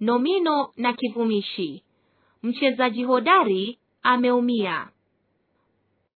nomino na kivumishi. Mchezaji hodari ameumia.